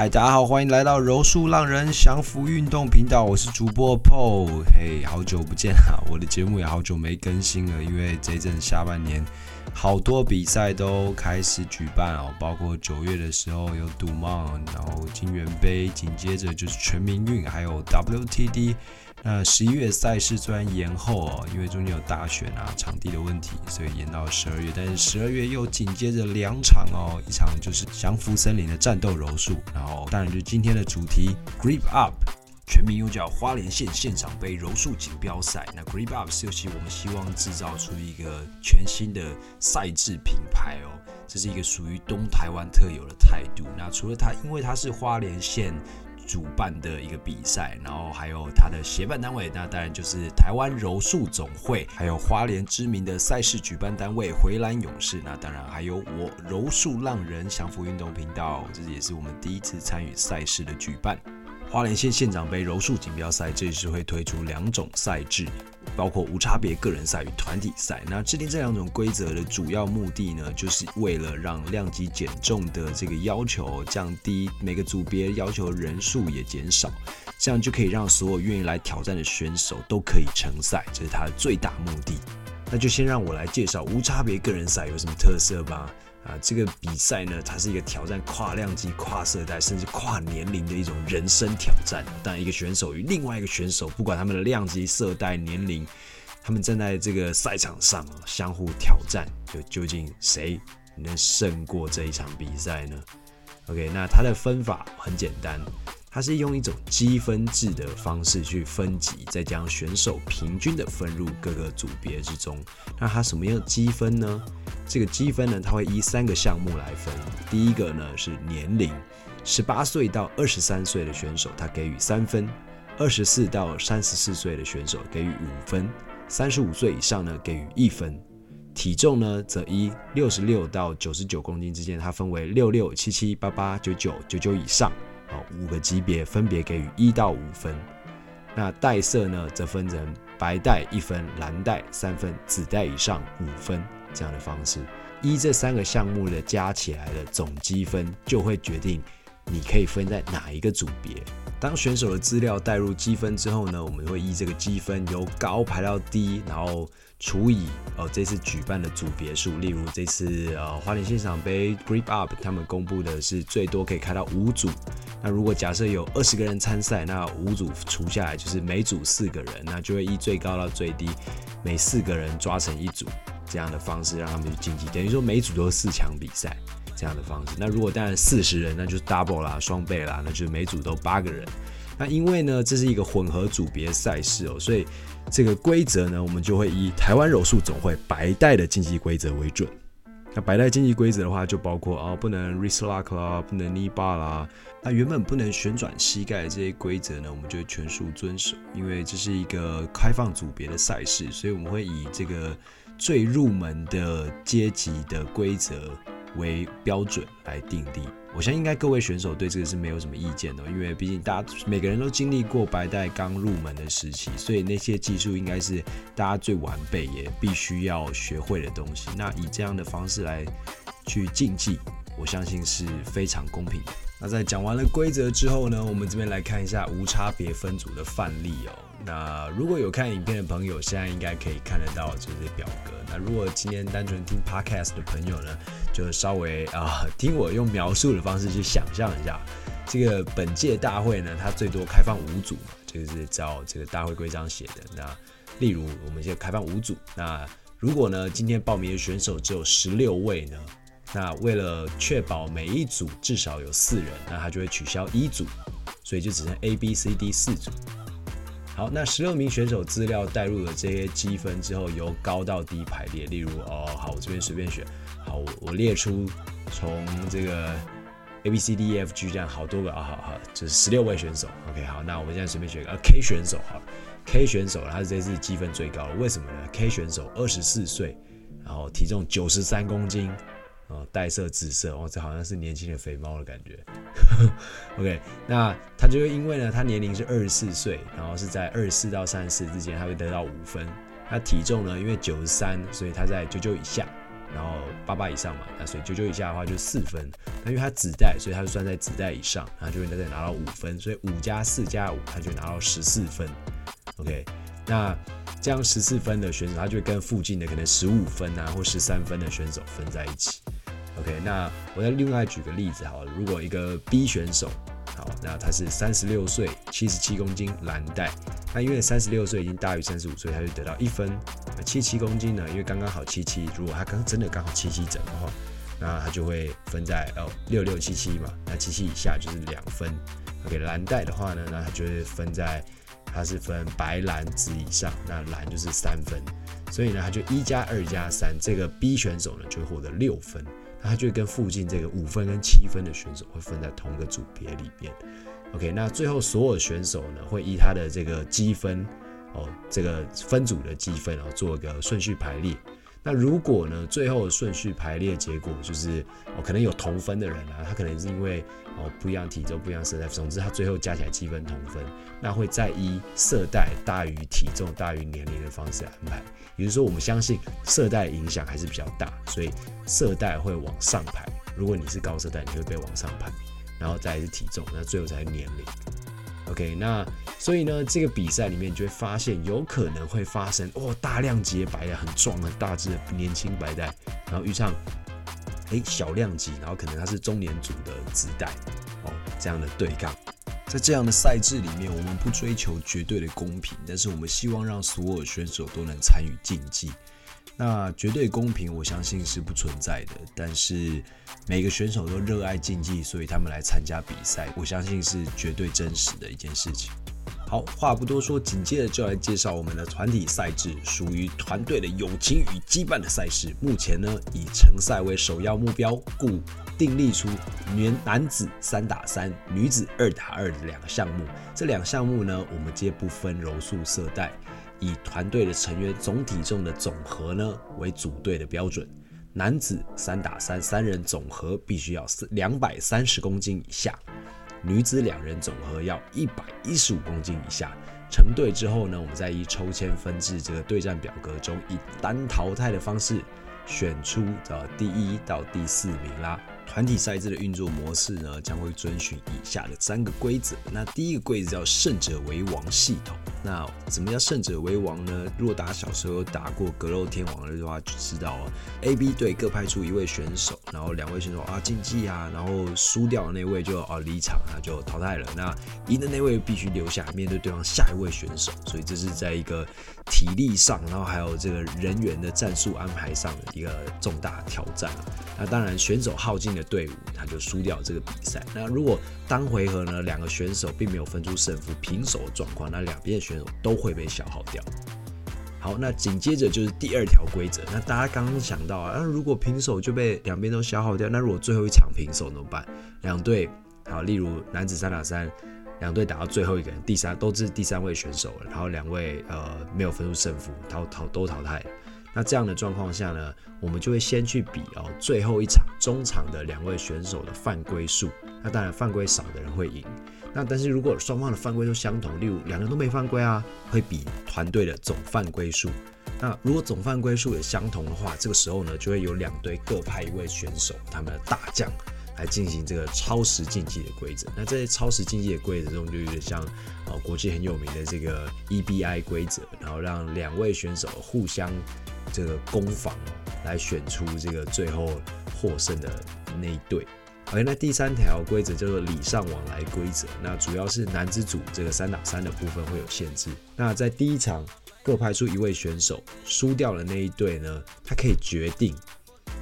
嗨，Hi, 大家好，歡迎來到柔術浪人降服運動頻道，我是主播 p o 嘿，hey, 好久不見哈，我的節目也好久沒更新了，因為這陣下半年好多比賽都開始舉辦哦，包括九月的時候有杜曼，然後金元杯，緊接着就是全民運，還有 WTD。那十一月賽事雖然延後哦，因為中間有大選啊、場地的問題，所以延到十二月。但是十二月又緊接着兩場哦，一場就是降服森林的戰鬥柔術，然後當然就是今天的主題，Grip Up，全名又叫花蓮縣縣長盃柔術錦標賽。那 Grip Up 是尤是我們希望制造出一個全新的賽制品牌哦，這是一個屬於東台灣特有的態度。那除了它，因為它是花蓮縣。主辦的一個比賽，然後還有它的協辦單位，那當然就是台灣柔術總會，還有花蓮知名的賽事舉辦單位洄瀾勇士，那當然還有我柔術浪人降服運動頻道，這也是我們第一次參與賽事的舉辦。花蓮縣縣長盃柔術錦標賽這次會推出兩種賽制，包括無差別個人賽與團體賽。那制定這兩種規則的主要目的呢，就是為了讓量級減重的這個要求降低，每個組別要求的人數也減少，這樣就可以讓所有願意來挑戰的選手都可以參賽，這是他的最大目的。那就先讓我來介紹無差別個人賽有什麼特色吧。啊，這個比賽呢，它是一個挑戰跨量級、跨色帶，甚至跨年齡的一種人生挑戰。但一個選手與另外一個選手，不管他們的量級、色帶、年齡，他們站在這個賽場上相互挑戰，就究竟誰能勝過這一場比賽呢？OK，那它的分法很簡單。它是用一種積分制的方式去分級，再將選手平均的分入各個組別之中。那它什麼樣的積分呢？這個積分呢，它會依三個項目來分。第一個呢是年齡，十八歲到二十三歲的選手，它給予三分；二十四到三十四歲的選手給予五分；三十五歲以上呢給予一分。體重呢，則依六十六到九十九公斤之間，它分為六六、七七、八八、九九、九九以上。好，五個級別分別給予一到五分，那帶色呢則分成白帶一分、藍帶三分、紫帶以上五分這樣的方式。依這三個項目的加起來的總積分就會決定你可以分在哪一個組別。當選手的資料帶入積分之後呢，我們會依這個積分由高排到低，然後。除以哦，這次舉辦的組別數，例如這次呃、哦、花蓮縣縣長盃 Grip Up，他們公布的是最多可以開到五組。那如果假設有二十個人參賽，那五組除下來就是每組四個人，那就會以最高到最低，每四個人抓成一組這樣的方式讓他們去競技，等於說每組都是四強比賽這樣的方式。那如果當然四十人，那就是 Double 啦，雙倍啦，那就是每組都八個人。那因為呢，這是一個混合組別賽事哦，所以這個規則呢，我們就會以台灣柔術總會白帶的競技規則為準。那白帶競技規則的話，就包括啊、哦，不能 wrist lock 啦，不能 knee bar 啦。那原本不能旋轉膝蓋的這些規則呢，我們就全數遵守，因為這是一個開放組別的賽事，所以我們會以這個最入門的階級的規則。為標準來訂立，我相信應該各位選手對這個是沒有什麼意見的，因為畢竟大家每個人都經歷過白帶剛入門的時期，所以那些技術應該是大家最完備也必須要學會的東西。那以這樣的方式來去競技，我相信是非常公平的。那在講完了規則之後呢，我們這邊來看一下無差別分組的範例哦。那如果有看影片的朋友，現在應該可以看得到這些表格。那如果今天單純聽 Podcast 的朋友呢？就稍微啊，uh, 聽我用描述的方式去想象一下，這個本屆大會呢，它最多開放五組嘛，就是照這個大會規章寫的。那例如，我們現在開放五組。那如果呢，今天報名的選手只有十六位呢，那為了確保每一組至少有四人，那他就會取消一組，所以就只剩 A、B、C、D 四組。好，那十六名選手資料帶入了這些積分之後，由高到低排列。例如，哦，好，我這邊隨便選，好，我我列出從這個 A B C D E F G 這樣好多個啊、哦，好好，好，就是十六位選手。OK，好，那我們現在隨便選一個、啊、K 選手好，K 選手他是這次積分最高的，為什麼呢？K 選手二十四歲，然後體重九十三公斤。哦，帶色紫色，哦，這好像是年輕的肥貓的感覺。 OK，那他就會因為呢，他年齡是二十四歲，然後是在二十四到三十四之間，他會得到五分。他體重呢，因為九十三，所以他在九九以下，然後八八以上嘛，那所以九九以下的話就四分。那因為他紫帶，所以他就算在紫帶以上，然後就會在這裡拿到五分，所以五加四加五，他就拿到十四分。OK，那這樣十四分的選手，他就跟附近的可能十五分啊或十三分的選手分在一起。OK，那我再另外舉個例子好了，如果一個 B 選手好，那他是三十六歲，七十七公斤藍帶，那因為三十六歲已經大於三十五歲，他就得到一分。七七公斤呢，因為剛剛好七七，如果他剛真的剛好七七整的話，那他就會分在哦六六七七嘛，那七七以下就是兩分。OK，藍帶的話呢，那他就會分在他是分白藍紫以上，那藍就是三分，所以呢他就一加二加三，這個 B 選手呢就會獲得六分。他就跟附近這個五分跟七分的選手會分在同一個組別裡邊，OK，那最後所有選手呢，會以他的這個積分，哦，這個分組的積分，然後，哦，做一個順序排列。那如果呢，最後的順序排列結果就是，哦，可能有同分的人啊，他可能是因為哦不一樣體重、不一樣色帶，總之他最後加起來積分同分，那會再以色帶大於體重大於年齡的方式來安排。也就是說，我們相信色帶影響還是比較大，所以色帶會往上排。如果你是高色帶，你就會被往上排，然後再是體重，那最後才是年齡。OK，那所以呢，這個比賽裡面就會發現，有可能會發生哦，大量潔白帶很壯的大隻年輕白帶，然後遇上，誒、欸、小量級，然後可能他是中年組的子帶，哦，這樣的對抗，在這樣的賽制裡面，我們不追求絕對的公平，但是我們希望讓所有選手都能參與競技。那絕對公平，我相信是不存在的。但是每個選手都熱愛競技，所以他們來參加比賽，我相信是絕對真實的一件事情。好，話不多說，緊接着就來介紹我們的團體賽制，屬於團隊的友情與羈絆的賽事。目前呢，以成賽為首要目標，故訂立出男男子三打三、女子二打二兩個項目。這兩個項目呢，我們皆不分柔術色帶。以團隊的成員總體重的總和呢為組隊的標準，男子三打三，三人總和必須要兩百三十公斤以下；女子兩人總和要一百一十五公斤以下。成隊之後呢，我們再以抽籤分至這個對戰表格中，以單淘汰的方式選出呃第一到第四名啦。團體賽制的運作模式呢，將會遵循以下的三個規則。那第一個規則叫“勝者為王”系統。那怎麼叫“勝者為王”呢？若打小時候打過格鬥天王的話，就知道啊 A、B 隊各派出一位選手，然後兩位選手啊競技啊，然後輸掉的那位就啊離場啊就淘汰了。那贏的那位必須留下面對對方下一位選手，所以這是在一個。體力上，然後還有這個人員的戰術安排上的一個重大挑戰。那當然，選手耗盡的隊伍，他就輸掉這個比賽。那如果當回合呢，兩個選手並沒有分出勝負、平手的狀況，那兩邊的選手都會被消耗掉。好，那緊接着就是第二條規則。那大家剛剛想到啊，那如果平手就被兩邊都消耗掉，那如果最後一場平手怎麼辦？兩隊好，例如男子三打三。兩隊打到最後一個人，第三都是第三位選手，然後兩位呃沒有分出勝負，淘淘都淘汰。那這樣的狀況下呢，我們就會先去比哦最後一場中場的兩位選手的犯規數。那當然犯規少的人會贏。那但是如果雙方的犯規都相同，例如兩個人都沒犯規啊，會比團隊的總犯規數。那如果總犯規數也相同的話，這個時候呢就會有兩隊各派一位選手，他們的大將。來進行這個超時競技的規則，那這些超時競技的規則中就有點像、哦，國際很有名的這個 EBI 規則，然後讓兩位選手互相這個攻防來選出這個最後獲勝的那一隊。而、okay, 那第三條規則叫做禮尚往來規則，那主要是男子組這個三打三的部分會有限制。那在第一場各派出一位選手，輸掉了那一隊呢，他可以決定。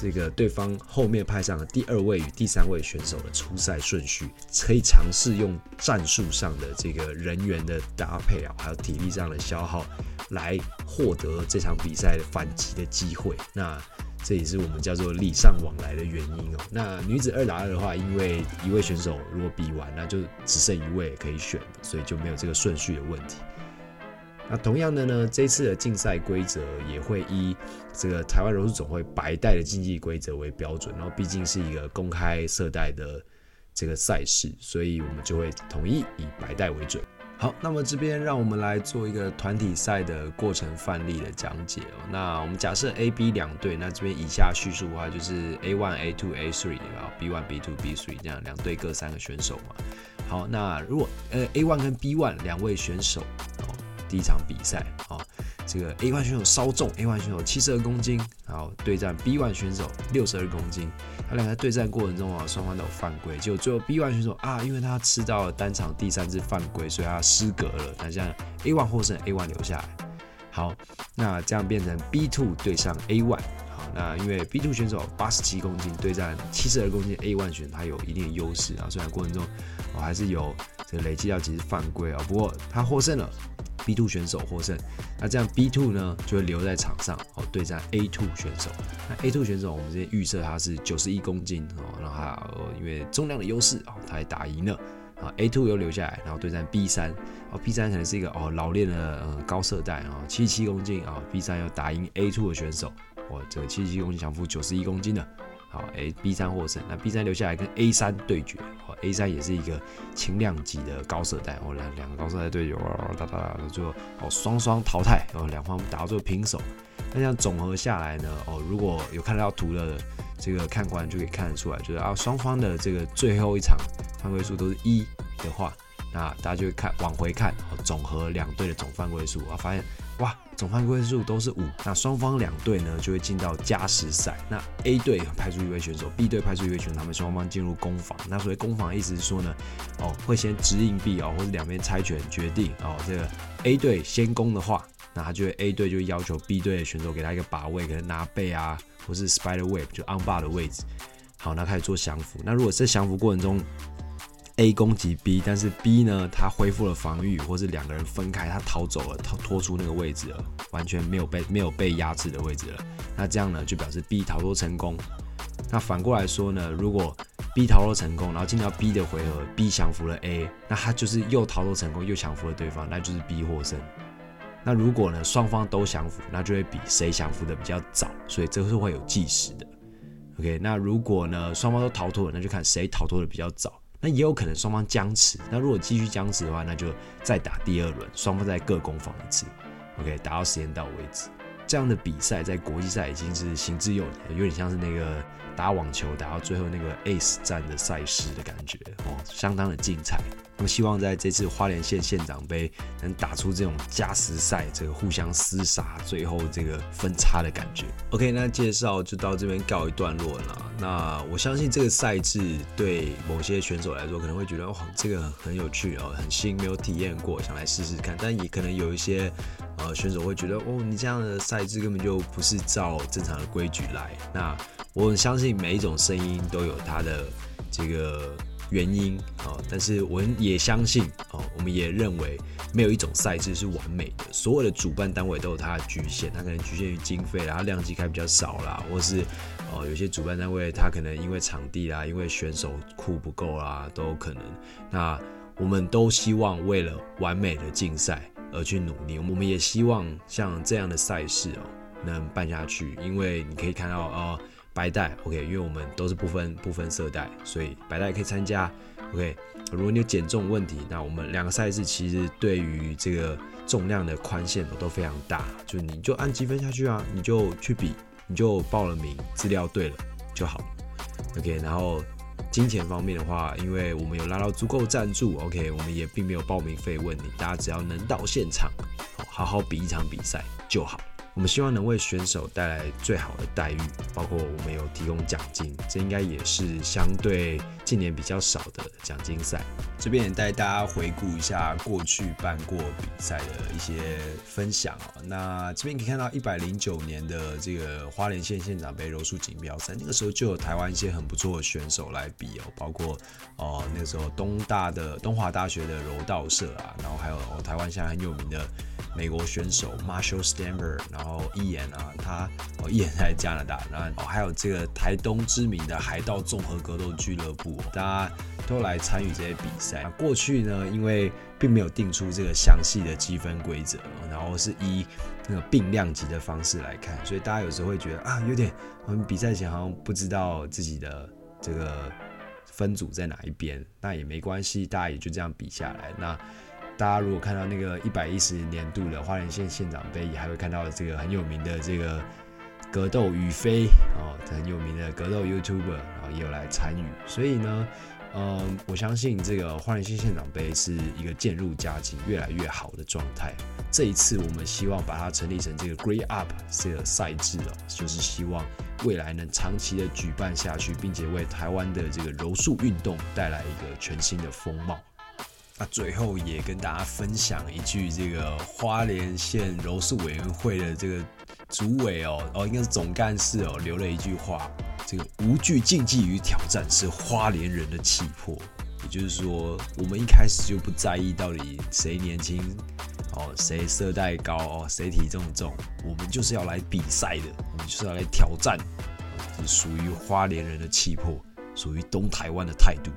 這個對方後面派上的第二位與第三位選手的出賽順序，可以嘗試用戰術上的這個人員的搭配啊，還有體力上的消耗，來獲得這場比賽的反擊的機會。那這也是我們叫做禮尚往來的原因哦。那女子二打二的話，因為一位選手如果比完，那就只剩一位可以選，所以就沒有這個順序的問題。那同樣的呢，這次的競賽規則也會以這個台灣柔術總會白帶的競技規則為標準，然後畢竟是一個公開色帶的這個賽事，所以我們就會統一以白帶為準。好，那麼這邊讓我們來做一個團體賽的過程範例的講解哦。那我們假設 A、B 兩隊，那這邊以下敘述的話就是 A one、A two、A three，然後 B one、B two、B three 這樣兩隊各三個選手嘛。好，那如果呃 A one 跟 B one 兩位選手。第一場比賽啊，這個 A one 選手稍重，A one 選手七十二公斤，然後對戰 B one 選手六十二公斤。他兩個在對戰過程中啊，雙方都有犯規，結果最後 B one 選手啊，因為他吃到了單場第三次犯規，所以他失格了。那這樣 A one 獲勝，A one 留下來。好，那這樣變成 B two 對上 A one。好，那因為 B two 選手八十七公斤對戰七十二公斤 A one 選手，他有一定的優勢啊。然雖然過程中我、哦、還是有這個累積到幾次犯規啊、哦，不過他獲勝了。B two 選手獲勝，那這樣 B two 呢就會留在場上哦，對戰 A two 選手。那 A two 選手我們之前預測他是九十一公斤哦，然後他因為重量的優勢哦，他還打贏了啊。A two 又留下來，然後對戰 B 三哦，B 三可能是一個哦老練的高色帶啊，七七公斤啊。B 三要打贏 A two 的選手，哇，這個七七公斤降服九十一公斤的。好，A B 三獲勝，那 B 三留下來跟 A 三對決，哦，A 三也是一個輕量級的高色帶，哦，兩兩個高色帶對決，噠噠噠，最後哦雙雙淘汰，然後兩方打到最後平手，那這樣總和下來呢，哦，如果有看到圖的這個看官就可以看得出來，就是啊雙方的這個最後一場犯規數都是一的話。那大家就會看往回看哦，總和兩隊的總犯規數啊，發現哇，總犯規數都是五，那雙方兩隊呢就會進到加時賽。那 A 隊派出一位選手，B 隊派出一位選手，他們雙方進入攻防。那所以攻防意思是說呢，哦，會先指引 B 哦，或者兩邊猜拳決定哦，這個 A 隊先攻的話，那他就會 A 隊就會要求 B 隊的選手給他一個把位，給他拿背啊，或是 spider web 就 on bar 的位置。好，那開始做降服。那如果在降服過程中，A 攻擊 B，但是 B 呢，他恢復了防禦，或是兩個人分開，他逃走了，逃脫出那個位置了，完全沒有被沒有被壓制的位置了。那這樣呢，就表示 B 逃脫成功。那反過來說呢，如果 B 逃脫成功，然後進到 B 的回合，B 降服了 A，那他就是又逃脫成功，又降服了對方，那就是 B 獲勝。那如果呢，雙方都降服，那就會比誰降服的比較早，所以這是會有計時的。OK，那如果呢，雙方都逃脫了，那就看誰逃脫的比較早。那也有可能雙方僵持。那如果繼續僵持的話，那就再打第二輪，雙方再各攻防一次，OK，打到時間到為止。這樣的比賽在國際賽已經是行之有年了，有點像是那個打網球打到最後那個 Ace 戰的賽事的感覺哦，相當的精彩。我希望在這次花蓮縣縣長盃能打出這種加時賽，這個互相廝殺，最後這個分差的感覺。OK，那介紹就到這邊告一段落了。那我相信這個賽制對某些選手來說可能會覺得，哦，這個很有趣哦，很新，沒有體驗過，想來試試看。但也可能有一些呃選手會覺得，哦，你這樣的賽制根本就不是照正常的規矩來。那我相信每一種聲音都有它的這個。原因啊，哦，但是我們也相信哦，我們也認為沒有一種賽制是完美的，所有的主辦單位都有它的局限，它可能局限於經費，然後量級開比較少啦，或是哦，有些主辦單位它可能因為場地啦，因為選手庫不夠啦，都有可能。那我們都希望為了完美的競賽而去努力，我們也希望像這樣的賽事哦，能辦下去，因為你可以看到哦。白帶，OK，因為我們都是不分不分色帶，所以白帶也可以參加，OK。如果你有減重問題，那我們兩個賽事其實對於這個重量的寬限都非常大，就你就按積分下去啊，你就去比，你就報了名，資料對了就好，OK。然後金錢方面的話，因為我們有拉到足夠贊助，OK，我們也並沒有報名費問你，大家只要能到現場，好好比一場比賽就好。我們希望能為選手帶來最好的待遇，包括我們有提供獎金，這應該也是相對近年比較少的獎金賽。這邊也帶大家回顧一下過去辦過比賽的一些分享哦，那這邊可以看到一百零九年的這個花蓮縣縣長盃柔術錦標賽，那個時候就有台灣一些很不錯的選手來比哦，包括哦那個時候東大的東華大學的柔道社啊，然後還有，哦，台灣現在很有名的。美國選手 Marshall Stamber 然後一言啊，他哦一言在加拿大，然後還有這個台東知名的海盜綜合格鬥俱樂部，大家都來參與這些比賽。過去呢，因為並沒有定出這個詳細的積分規則，然後是以那個併量級的方式來看，所以大家有時候會覺得啊，有點我們比賽前好像不知道自己的這個分組在哪一邊，那也沒關係，大家也就這樣比下來。那大家如果看到那個一百一十年度的花蓮縣縣長杯，也還會看到這個很有名的這個格鬥羽飛哦，很有名的格鬥 YouTuber，然後也有來參與。所以呢，嗯，我相信這個花蓮縣縣長杯是一個漸入佳境、越來越好的狀態。這一次我們希望把它成立成這個 Grip Up 這個賽制哦，就是希望未來能長期的舉辦下去，並且為台灣的這個柔術運動帶來一個全新的風貌。那、啊、最後也跟大家分享一句，這個花蓮縣柔術委員會的這個主委哦，哦，應該是總幹事哦，留了一句話：這個無懼競技與挑戰，是花蓮人的氣魄。也就是說，我們一開始就不在意到底誰年輕，哦，誰色帶高，哦，誰體重重，我們就是要來比賽的，我們就是要來挑戰，哦、就是、屬於花蓮人的氣魄，屬於東臺灣的態度。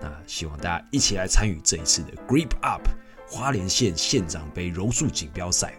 那希望大家一起來參與這一次的 Grip Up 花蓮縣縣長盃柔術錦標賽。